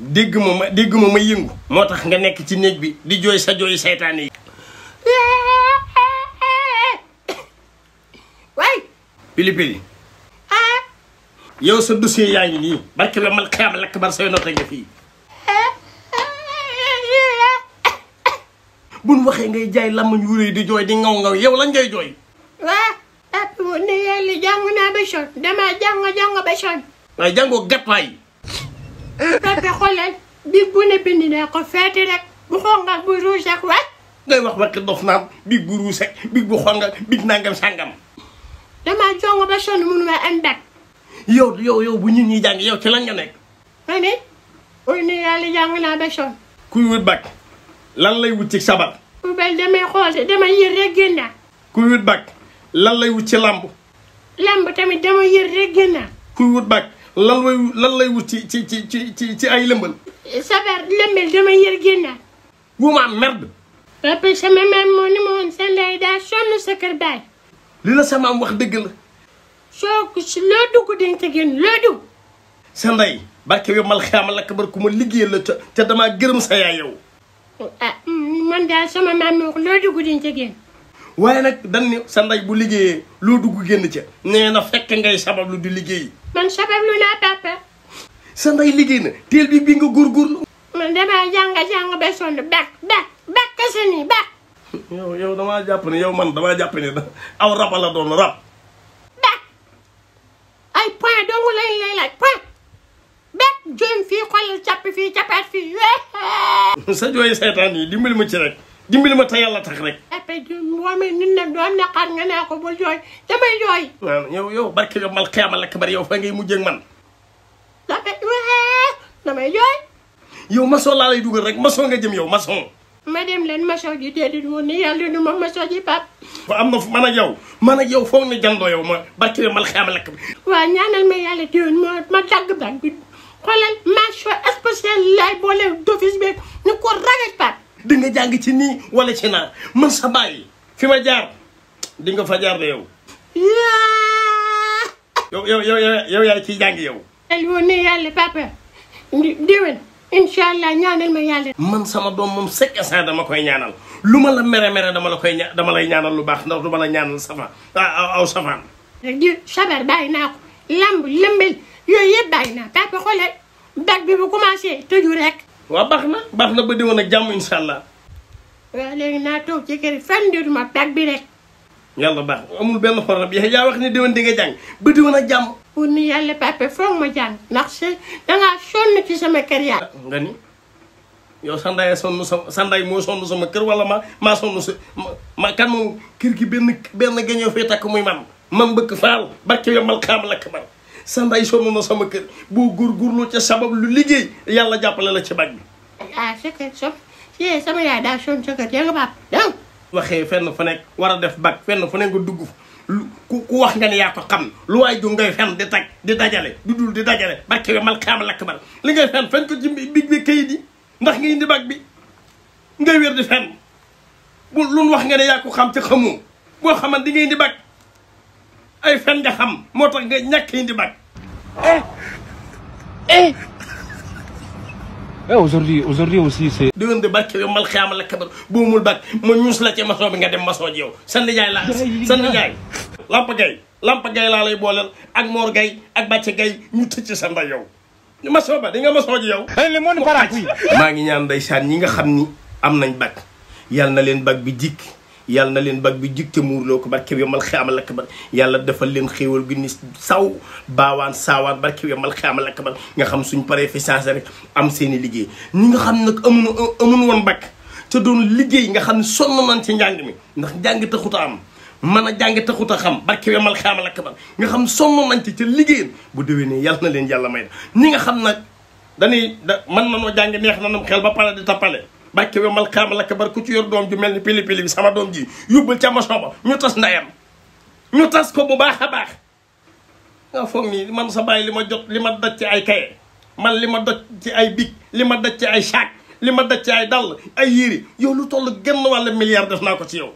dégg ma ma dégg ma ma yëngu moo tax nga nekk ci néeg bi di jooy sa jooy seytaane yi waay pili pili yow sa dossier yaa yi nii barke la man xeam lakk bar say note nga fii buñ waxee ngay jaay làmmiñ wu rëy di jooy di ngaw ngaw yow lañ ngay jooy waa ap ah, ne yàlla jàng naa ba son dama jàng jàng ba son waaye jàngoo gàttaay Papa xoolal bi bu ne bind naa ko feeti rek bu xongal bu ruus ak waat. wax waxi dof naan big bu ruus big bu xongal big nangam sangam. damaa jongo ba sonn mënu ma am dàq. yow yow yow bu ñu ñi jàng yow ci lan nga nekk. ma ne. on est yàlla jàng naa ba sonn. kuy wut bac lan lay wut ci sabar. bu bay lay wut ci lamb. lamb tamit damay yër rek génn. kuy wut bac. lan lay lan lay wut ci ci ci ci ci ay lëmbal. sabar lëmbal dama yër génnaat. wuuma merde. papa sama maam moo ni ma woon sa ndey daa sonn sa kër baay. li la sama am wax dëgg soo ko si loo dugg dañ ca génn loo dugg. sa ndey barke yow mal xaamal la kabar ku ma liggéey la te dama gërëm sa yaay yow. ah mm, man daal sama maam mi wax loo dugg dañ ca génn. waaye nag dan ne sa ndey bu liggéeyee loo dugg génn ca nee na fekk ngay sabab lu di liggéey. man sabab lu sa ndey liggéey na teel bi bi nga góorgóorlu. man damaa jàng jàng ba sonn bak bak bak kese nii bak. yow yow damaa jàpp ne yow man damaa jàpp ne aw rab la doon rab. bak ay point dong lañ lay laaj point bak jëm fii xoolal capp fii cappaat fii. sa jooy seetaan yi dimbali ma ci rek dimbali ma te yàlla tax rek. jàppee moomee nit ne doon naqar nga naa ko bul jooy damay jooy yow yow barke yow mal xeama lakk bari yow fa ngay mujjee man damay damay jooy yow maçon dugal rek maçon nga jëm yow maçon ma dem leen maçon ji déedéet woon ni yàlla du ma maçon ji pap fa am man ak yow man ak yow foog ne jandoo yow ma barke yow mal xeama lakk bi waaw ñaanal ma yàlla déwén ma ma dagg baat bi xoolal mention spéciale laay boole d'office beeg ni ko ragaj pap di nga jàng ci nii wala ci naa man sa bàyyi fi ma jaar di fa jaar de yow. yow yow yaa ciy jàng yow. yàlla ne yàlla papa déwén incha ñaanal ma yàlla. man sama doom moom chaque instant dama koy ñaanal lu ma la mere mere dama la koy ña dama ñaanal lu baax ndax du la ñaanal safa aw safaan. di sabar bàyyi naa ko lamb lëmbel yooyu yëpp naa papa xoolal bag bi bu commencé tëju rek. waaw baax na baax na ba déwén ak jàmm incha allah. waaw léegi naa toog ci kër fan di ma tag bi rek. yàlla baax amul benn problème yaa yaa wax ni déwén di nga jàng ba déwén ak jàmm. pour ni yàlla papa foog ma jàng ndax sa sonn ci sama kër yaa. nga ni yow sandaay sonn sama sandaay moo kër wala ma maa sonn sa ma kan kër gi benn benn gañoo fee takk muy man man bëgg faal barke yombal xaam lakk man. sa ndey sonn na sama kër boo góorgóorloo ca sabab lu liggéey yàlla jàppale la ci bañ bi. ah sa waxee fenn fu nekk war a def bag fenn fu nekk nga dugg ku ku wax nga ne yaa ko xam lu waay du ngay fenn di tag di dajale du dul di dajale barke bi mal xaama lakk bar li ngay fenn fenn ko ci big bi kayit yi ndax nga indi bag bi ngay wér di fenn bu lu wax nga ne yaa ko xam te xamu boo xaman di nga indi bag ay fen nga xam moo tax nga ñàkk indi bag Eh, eh Eh aujourd'hui aujourd'hui aussi c'est diggante barke bi mal xiyama la kabar bu mul bak ma ñuus la ci maçon bi nga dem maçon yow san nijaay la san nijaay lamp gay lamp gay lay booleel ak moor gay ak bàcce gay ñu tëcc sa nday yow maçon ba di nga maçon ji yow eh, le monde parax maa ngi ñaan ndeysaan ñi nga xam ni am nañ bak yal na leen bak bi jikk yàlla na leen bag bi jig te muurloo ko barke bi yomal xiyaamal lakk bar yàlla defal leen xéewal gi ni saw baawaan saawaan barke bi yomal xiyaamal lakk bar nga xam suñ paree fi changé rek am seen liggéey ñi nga xam nag amun amun woon bag te doon liggéey nga xam ne sonn nañ ci njàng mi ndax njàng taxut a am mën a jàng a xam barke bi yomal xiyaamal lakk bar nga xam sonn nañ ci ca liggéeyam bu déwénee yàlla na leen yàlla may da ñi nga xam nag dañuy da mën nanoo jàng neex na nam xel ba pare di tappale bàkke wi mal xaama lakk bar ku ci yor doom ju mel ni pili pili bi sama doom ji yóbbul ca moson ba ñu tas na ndayam ñu tas ko bu baax a baax nga foog nii man sa bàyyi li ma jot li ma daj ci ay kaye man li ma daj ci ay big li ma daj ci ay saak li ma daj ci ay dàll ay yéri yow lu toll genn wàll milliard def naa ko ci yow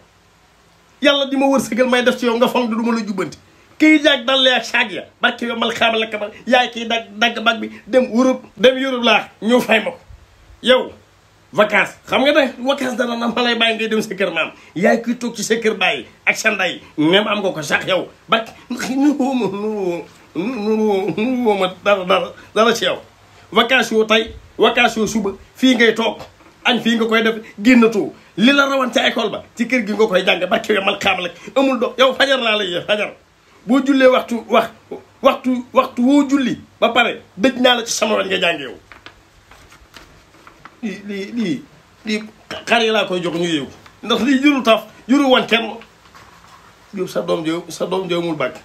yàlla di ma si gën may def ci yow nga foog du ma la jubbanti kiy jaag dal ak saag ya barke yo mal xaamal la kabar yaay kiy dagg dagg bag bi dem Europe dem Europe laa ñu fay ma yow vacances xam nga nag vacances dana na ma lay bàyyi ngay dem sa kër maam yaay kuy toog ci sa kër bàyyi ak sa ndey même am nga ko sax yow ba nu wooma nu nu wooma dara dara dara ci yow vacances yoo tey vacances yoo suba fii ngay toog añ fii nga koy def génnatoo li la rawan ca école ba ci kër gi nga koy jàng barke we mal xaamal ak amul do yow fajar laa lay fajar boo jullee waxtu wax waxtu waxtu woo julli ba pare dëj naa la ci sama wet nga jàng yow lii lii lii lii xar laa koy jox ñu yëw ndax lii jurul taf jurul wan kenn yow sa doom jëw sa doom jëwmul bàkk